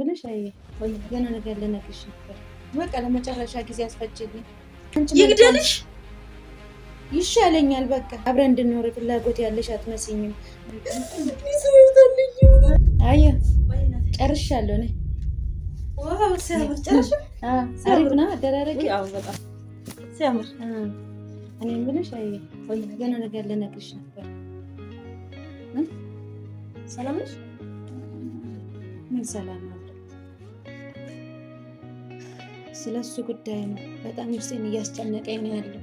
ብለሽ ወይ ገና ነገር ልነግርሽ ነበር። በቃ ለመጨረሻ ጊዜ አስፈጭልኝ። ይግደልሽ ይሻለኛል። በቃ አብረን እንድንኖር ፍላጎት ያለሽ አትመስኝም። አየ ጨርሻለሁ። ነይ አሪፍ ና አደራረግ ሲያምር። እኔ የምልሽ አየ ወይ ገና ነገር ልነግርሽ ነበር። ሰላም ነሽ? ምን ሰላም ነው ስለ እሱ ጉዳይ ነው። በጣም ውስጤን እያስጨነቀኝ ነው ያለው።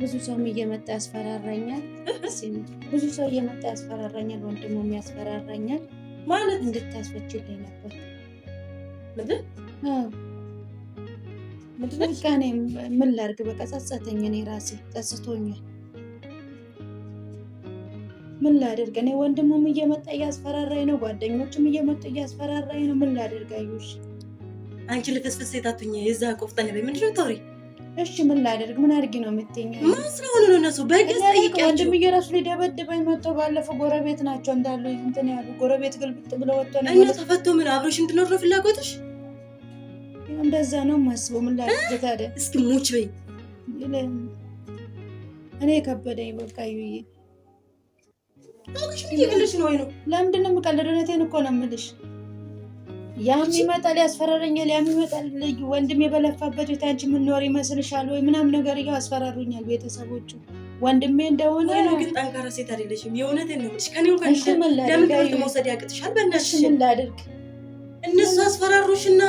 ብዙ ሰውም እየመጣ ያስፈራራኛል። ብዙ ሰው እየመጣ ያስፈራራኛል። ወንድሞም ያስፈራራኛል። ማለት እንድታስፈችልኝ ነበር በቃ እኔ ምን ላድርግ? በቃ ጸጸተኝ። እኔ ራሴ ጸጽቶኛል። ምን ላድርግ? እኔ ወንድሙም እየመጣ እያስፈራራኝ ነው፣ ጓደኞችም እየመጡ እያስፈራራኝ ነው። ምን ላድርግ አዩሽ? አንቺ ልፍስፍስ የታቱኝ የዛ ቆፍጠን በይ። ምንድን ነው ታውሪ? እሺ ምን ላደርግ? ምን አድርጊ ነው የምትይኝ? ምን ስለሆነ ነው እነሱ በግልጽ ጠይቂያቸው። ወንድምዬ እየራሱ ሊደበድበኝ መጥቶ ባለፈው ጎረቤት ናቸው እንዳሉ እንትን ያሉ ጎረቤት ግልብጥ ብለው ወጥቶ ነው እና ተፈቶ ምን አብሮሽ እንድኖር ነው ፍላጎትሽ? እንደዛ ነው የማስበው። ምን ላደርግ ታዲያ? እስኪ ሙች በይ። እኔ ከበደኝ በቃ ይዬ ሽ ነው ወይ ለምንድን ነው የምቀልደው? እውነቴን እኮ ነው የምልሽ ያም ይመጣል ያስፈራረኛል። ያም ይመጣል ልጅ ወንድም የበለፋበት ቤት አንቺ የምንኖር ይመስልሻል ወይ ምናምን ነገር እያው አስፈራሩኛል ቤተሰቦቹ። ወንድሜ እንደሆነ ነው። ግን ጠንካራ ሴት አይደለሽም። የእውነት መውሰድ ያቅትሻል። በእናትሽ ምን ላድርግ? እነሱ አስፈራሩሽና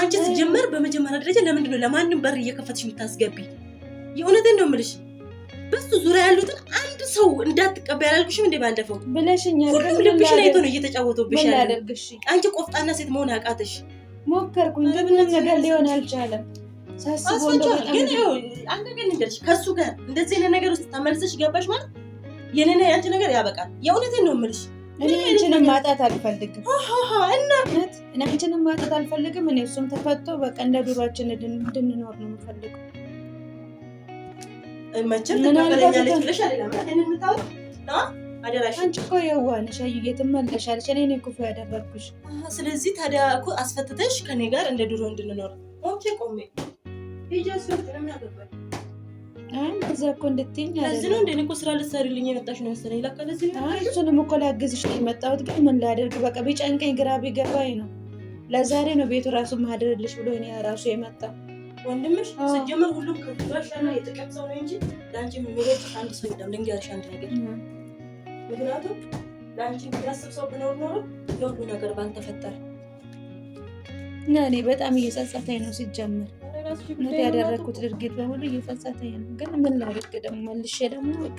አንቺ ስትጀመር በመጀመሪያ ደረጃ ለምንድን ነው ለማንም በር እየከፈትሽ የምታስገቢ? የእውነትን ነው ምልሽ በሱ ዙሪያ ያሉትን አንድ ሰው እንዳትቀበል ያላልኩሽም እንደ ባለፈው ብለሽኛል። ሁሉም ልብሽን አይቶ ነው እየተጫወተብሽ ያለ። አንቺ ቆፍጣና ሴት መሆን አቃተሽ። ሞከርኩኝ፣ ምንም ነገር ሊሆን አልቻለም። ግን አንድ ነገር ልንገርሽ፣ ከሱ ጋር እንደዚህ አይነት ነገር ውስጥ ተመልሰሽ ገባሽ ማለት የኔና የአንቺ ነገር ያበቃል። የእውነቴን ነው የምልሽ። እኔ አንቺንም ማጣት አልፈልግም። እናት እኔ አንቺንም ማጣት አልፈልግም። እኔ እሱም ተፈቶ በቃ እንደ ዱሯችን እንድንኖር ነው የምፈልገው። መቼም ትቀበለኛለች ብለሽ አንቺ እኮ የዋህ እኔ ያደረግኩሽ። ስለዚህ ታዲያ እኮ አስፈትተሽ ከኔ ጋር እንደ ድሮ እንድንኖር ቆሜ እኮ እንድትይኝ ለዚህ ነው እኮ ስራ ልትሰሪልኝ የመጣሽ ነው መሰለኝ። ለዚህ ነው እሱንም እኮ ላግዝሽ ነው የመጣሁት፣ ግን ምን ላደርግ በቃ ቢጨንቀኝ ግራ ቢገባኝ ነው። ለዛሬ ነው ቤቱ ራሱ ማደርልሽ ብሎ እኔ ራሱ የመጣው ወንድምሽ ስጀመር ሁሉም ከጋሻና የጥቅም ሰው ነው እንጂ ለአንቺ የሚመለጥሽ አንድ ሰው የለም። ልንገርሽ አንድ ነገር፣ ምክንያቱም ለአንቺ የሚያስብ ሰው ብኖር ኖሮ ለሁሉ ነገር ባልተፈጠረ እና እኔ በጣም እየጸጸተኝ ነው። ሲጀምር ያደረግኩት ድርጊት በሙሉ እየጸጸተኝ ነው። ግን ምን ላድርግ ደግሞ መልሼ ደግሞ በቃ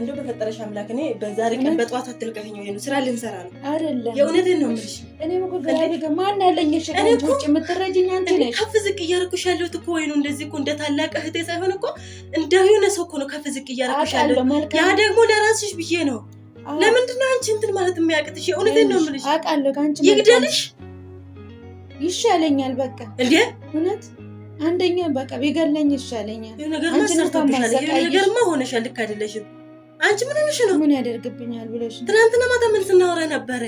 እንደው በፈጠረሽ አምላክ እኔ በዛሬ ቀን በጠዋት አትልቀኝ ወይ ነው ስራ ልንሰራ ነው አይደለም የእውነቴን ነው የምልሽ እኔ እኮ ግራ ማን ያለኝ እኔ እኮ ቁጭ የምትረጂኝ አንቺ ነሽ ከፍ ዝቅ እያደረኩሽ ያለሁት እኮ ወይ ነው እንደዚህ እኮ እንደ ታላቅ እህቴ ሳይሆን እኮ እንደ የሆነ ሰው እኮ ነው ከፍ ዝቅ እያደረኩሽ ያለሁት ያ ደግሞ ለራስሽ ብዬ ነው ለምንድን ነው አንቺ እንትን ማለት የሚያቅትሽ የእውነቴን ነው የምልሽ አውቃለሁ ከአንቺ ይግደልሽ ይሻለኛል በቃ እንዴ እውነት አንደኛ በቃ ቢገለኝ ይሻለኛል ነገር ነገር ሆነሻል ልክ አይደለሽም አንቺ ምን ሆነሽ ነው? ምን ያደርግብኛል ብለሽ ትናንትና ማታ ምን ስናወራ ነበረ?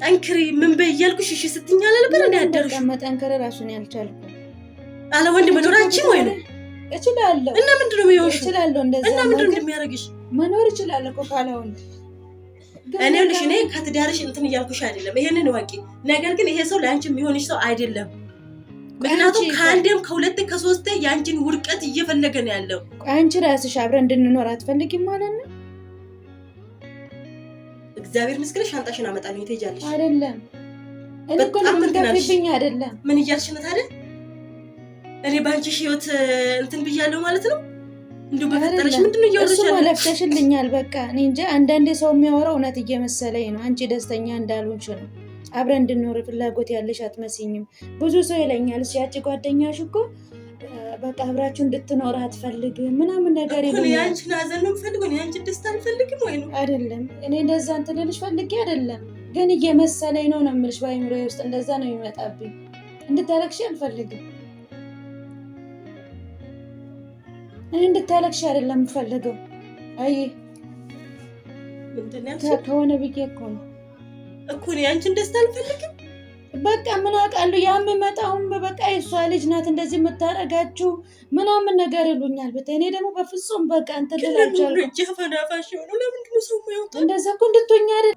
ጠንክሪ ምን በይ እያልኩሽ እሺ ስትይኝ አለ ነበር። እንዳያደርሽ መጠንከር ራሱን ያልቻልኩ አለ ወንድ መኖር አንቺ ወይ ነው እችላለሁ። እና ምንድን ነው የሚሆንሽ? እችላለሁ። እንደዛ እና ምንድን ነው የሚያደርግሽ? መኖር እችላለሁ እኮ ካለ ወንድ እኔ ልሽ እኔ ከትዳርሽ እንትን እያልኩሽ አይደለም፣ ይሄንን ወቂ። ነገር ግን ይሄ ሰው ለአንቺ የሚሆንሽ ሰው አይደለም። ምክንያቱም ከአንዴም ከሁለቴ ከሶስቴ የአንቺን ውድቀት እየፈለገ ነው ያለው። አንቺ ራስሽ አብረን እንድንኖር አትፈልጊም ማለት ነው። እግዚአብሔር ምስክር ሻንጣሽን አመጣለሁ ትሄጃለሽ። አይደለም እኮልምንገብኝ አይደለም። ምን እያልሽ ነው ታዲያ? እኔ በአንቺሽ ህይወት እንትን ብያለሁ ማለት ነው። እንዲሁ በፈጠረሽ ምንድን ነው እያወረሽ? እሱማ ለፍተሽልኛል። በቃ እኔ እንጃ አንዳንዴ ሰው የሚያወራው እውነት እየመሰለኝ ነው። አንቺ ደስተኛ እንዳልሆንሽ ነው አብረን እንድኖር ፍላጎት ያለሽ አትመስኝም። ብዙ ሰው ይለኛል፣ ያቺ ጓደኛሽ እኮ በቃ አብራችሁ እንድትኖር አትፈልግም ምናምን ነገር ያንቺን ሐዘን ነው የምፈልገው፣ ያንቺን ደስታ አልፈልግም ወይ ነው አይደለም። እኔ እንደዛ እንትን ልልሽ ፈልጌ አይደለም፣ ግን እየመሰለኝ ነው ነው የምልሽ። በአይምሮ ውስጥ እንደዛ ነው የሚመጣብኝ። እንድታለቅሽ አልፈልግም። እኔ እንድታለቅሽ አይደለም የምፈልገው። አይ ከሆነ ብዬ እኮ ነው እኮ እኔ አንቺን ደስታ አልፈልግም። በቃ ምን አውቃለሁ፣ ያምመጣውም በቃ የእሷ ልጅ ናት እንደዚህ የምታረጋችሁ ምናምን ነገር ይሉኛል። በተ እኔ ደግሞ በፍጹም በቃ እንትን እላቸዋለሁ። ፈናፋሽ ሆኑ ለምንድን ነው ሰው ያወጣ? እንደዛ እኮ እንድትሆኛ አይደል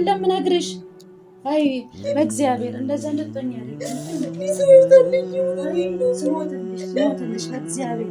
እንደምነግርሽ አይ በእግዚአብሔር እንደዛ እንድትሆኛ አይደል? ሰው ይወጣልኝ ሞትልሽ ሞትልሽ በእግዚአብሔር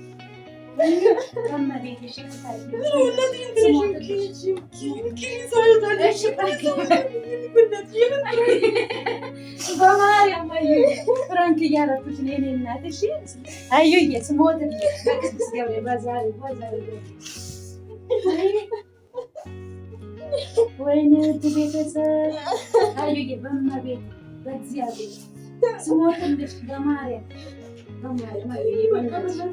ፍራንክ እያረኩሽ ነው የእኔ እናት። እሺ ወይኔ ቤተሰብ አዩዬ በእግዚአብሔር ስሞትልሽ በማርያም በጣም ይቅርታ አድርገኝ፣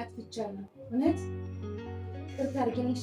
አጥፍቻለሁ። እውነት ይቅርታ አድርገኝ። እሺ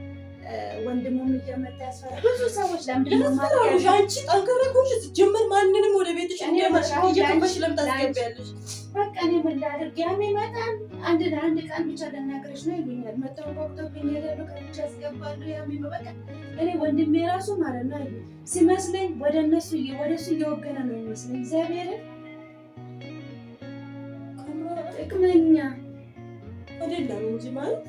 ወንድሙም እየመጣ ያስፈራ ብዙ ሰዎች ለምንድን አንቺ ጠንከረ ከሆንሽ ስትጀምር ማንንም ወደ ቤትሽ እየመሽ ለምታስገቢያለሽ? በቃ እኔ ምን ላድርግ? ያም ይመጣል አንድ አንድ ቀን ብቻ ልናገርሽ ነው ይሉኛል። መተው ቆቅቶብኝ የሌሉ ከብቻ ያስገባሉ። ያም በቃ እኔ ወንድሜ ራሱ ማለት ነው ሲመስለኝ ወደ እነሱ ወደ እሱ እየወገነ ነው ይመስለኝ እግዚአብሔርን ጥቅመኛ አይደለም እንጂ ማለት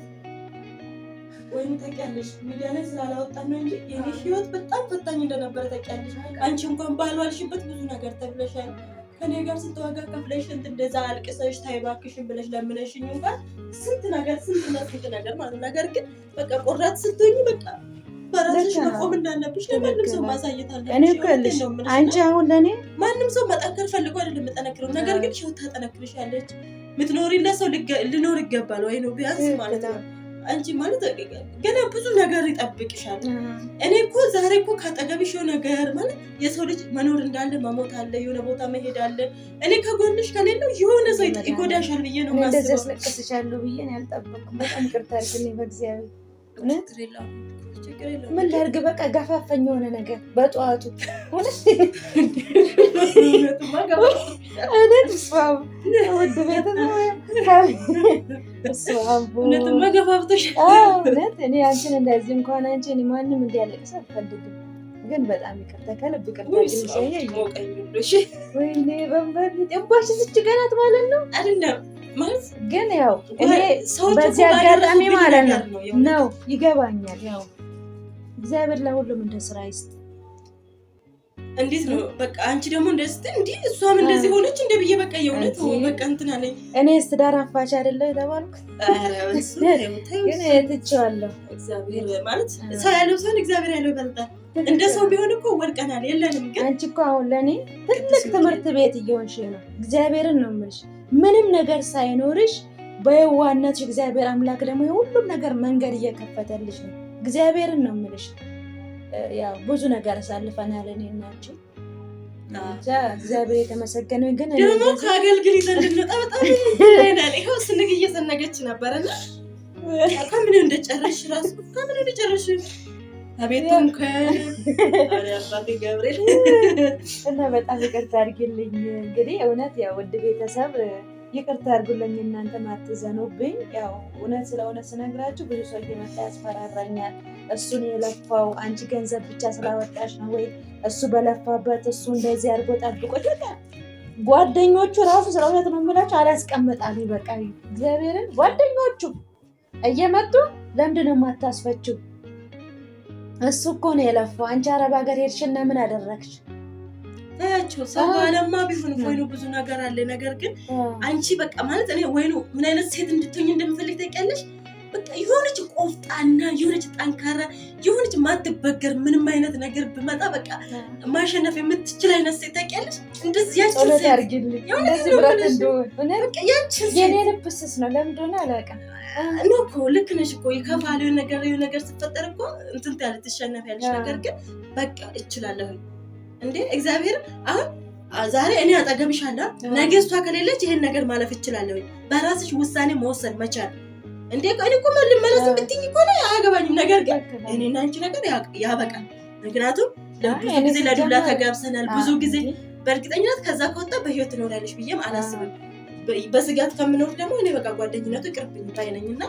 ወይም ታውቂያለሽ፣ ሚዲያ ላይ ስላላወጣ ነው እንጂ የኔ ህይወት በጣም ፈታኝ እንደነበረ ታውቂያለሽ። አንቺ እንኳን ባልዋልሽበት ብዙ ነገር ተብለሻል። ከኔ ጋር ስትዋጋ ከፍለሽ ስንት እንደዛ አልቅሰሽ ታይባክሽን ብለሽ ለምነሽኝ እንኳን ስንት ነገር ስንት እና ስንት ነገር ማለት ነገር ግን በቃ ቆራት ስትሆኝ በቃ በራስሽ መቆም እንዳለብሽ ለማንም ሰው ማሳየት አለብሽ። አንቺ አሁን ለእኔ ማንም ሰው መጠንከር ፈልጎ አይደለም የምጠነክረው፣ ነገር ግን ህይወት ታጠነክርሻለች። ምትኖሪ ለሰው ልኖር ይገባል ወይ ነው ቢያንስ ማለት ነው አንቺ ማለት ገና ብዙ ነገር ይጠብቅሻል። እኔ እኮ ዛሬ እኮ ካጠገብሽ የሆነ ነገር ማለት የሰው ልጅ መኖር እንዳለ መሞት አለ፣ የሆነ ቦታ መሄድ አለ። እኔ ከጎንሽ ከሌለው የሆነ ሰው ይጎዳሻል ብዬ ነው ማስበው። ያስለቀስሻለሁ ብዬ ያልጠበቅኩ በጣም ቅርታ ርግኔ በእግዚአብሔር ምን ላድርግ? በቃ ገፋፈኝ የሆነ ነገር በጠዋቱ እኔ አንቺን እንደዚህ እንኳን አንቺ ማንም እንዲያለቅስ አልፈልግም፣ ግን በጣም ይቅርታ ከልብ ይቅርታ። ወይኔ በንበር ገባሽ ስች ገናት ማለት ነው አይደለም ማለት ግን ያው እኔ በዚህ አጋጣሚ ማለት ነው ነው ይገባኛል። ያው እግዚአብሔር ለሁሉም እንደ ስራ ይስጥ። እንዴት ነው በቃ አንቺ ደግሞ እንደዚህ እንዲ እሷም እንደዚህ ሆነች እንደ ብዬ በቃ የእውነት በቃ እኔ ስዳር ማለት ሰው ያለው ሰውን እግዚአብሔር ያለው ይበልጣል። እንደ ሰው ቢሆን እኮ ወድቀናል የለንም። ግን አንቺ እኮ አሁን ለእኔ ትልቅ ትምህርት ቤት እየሆንሽ ነው። እግዚአብሔርን ነው የምልሽ ምንም ነገር ሳይኖርሽ በየዋነት እግዚአብሔር አምላክ ደግሞ የሁሉም ነገር መንገድ እየከፈተልሽ ነው። እግዚአብሔርን ነው የምልሽ። ያው ብዙ ነገር አሳልፈናል እኔ ናቸው እግዚአብሔር የተመሰገነ ግን ደግሞ ከአገልግል ይዘን እንድንወጣ በጣም ይናል። ይኸው ስንግ እየሰነገች ነበረና ከምን እንደጨረሽ ራሱ ከምን እንደጨረሽ አቤቱም ከአባቴ ገብርኤል እና በጣም ይቅርታ አድርግልኝ። እንግዲህ እውነት ያው ውድ ቤተሰብ ይቅርታ አድርጉልኝ፣ እናንተ ማትዘኑብኝ። ያው እውነት ስለ ስነግራችሁ ብዙ ሰው እየመጣ ያስፈራራኛል። እሱን የለፋው አንቺ ገንዘብ ብቻ ስላወጣሽ ነው ወይ እሱ በለፋበት እሱ እንደዚህ አድርጎ ጠብቆች በቃ ጓደኞቹ ራሱ ስለ እውነት ነው የምላቸው አላስቀምጣሉ። በቃ እግዚአብሔርን ጓደኞቹ እየመጡ ለምንድን ነው የማታስፈችው? እሱ እኮ ነው የለፋው። አንቺ አረብ ሀገር ሄድሽና ምን አደረግሽ? ታያቸው ሰው አለማ ቢሆን ወይኑ ብዙ ነገር አለ። ነገር ግን አንቺ በቃ ማለት እኔ ወይኑ ምን አይነት ሴት እንድትሆኝ እንደምፈልግ ታውቂያለሽ በቃ የሆነች ቆፍጣና የሆነች ጠንካራ የሆነች ማትበገር ምንም አይነት ነገር ብመጣ በቃ ማሸነፍ የምትችል አይነት ሴት ታውቂያለሽ። እንደዚህ ያችን ሴት ልብስስ ነው ለምን እንደሆነ አላውቅም። እኔ እኮ ልክ ነሽ እኮ የከፋለ ነገር ነገር ስትፈጠር እኮ እንትን ያለ ትሸነፍ ያለች ነገር ግን በቃ እችላለሁ እንዴ እግዚአብሔር አሁን ዛሬ እኔ አጠገብሻለሁ፣ ነገ እሷ ከሌለች ይሄን ነገር ማለፍ እችላለሁ። በራስሽ ውሳኔ መወሰን መቻል እንዴ እኔ እኮ ልመለስ ብትኝ እኮ አያገባኝም። ነገር ግን እኔና አንቺ ነገር ያበቃል። ምክንያቱም ብዙ ጊዜ ለዱላ ተጋብሰናል። ብዙ ጊዜ በእርግጠኝነት ከዛ ከወጣ በህይወት ትኖራለች ብዬም አላስብም። በስጋት ከምኖር ደግሞ እኔ በቃ ጓደኝነቱ ቅርብኝ ባይነኝ እና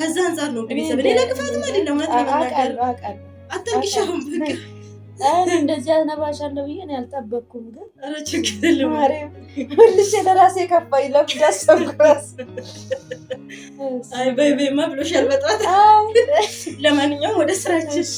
ከዛ አንጻር ነው ቤተሰብ እኔ ለክፋትም አይደለም እውነት ለመናገር አታንቅሻሁም ብቅ እንደዚህ አዝነባሻለሁ ብዬ ነው ያልጠበቅኩም፣ ግን መልሼ ለራሴ ከፋኝ። ለምን አሰብኩ አይ በይ በይማ ብሎሻል በጠዋት። ለማንኛውም ወደ ስራችን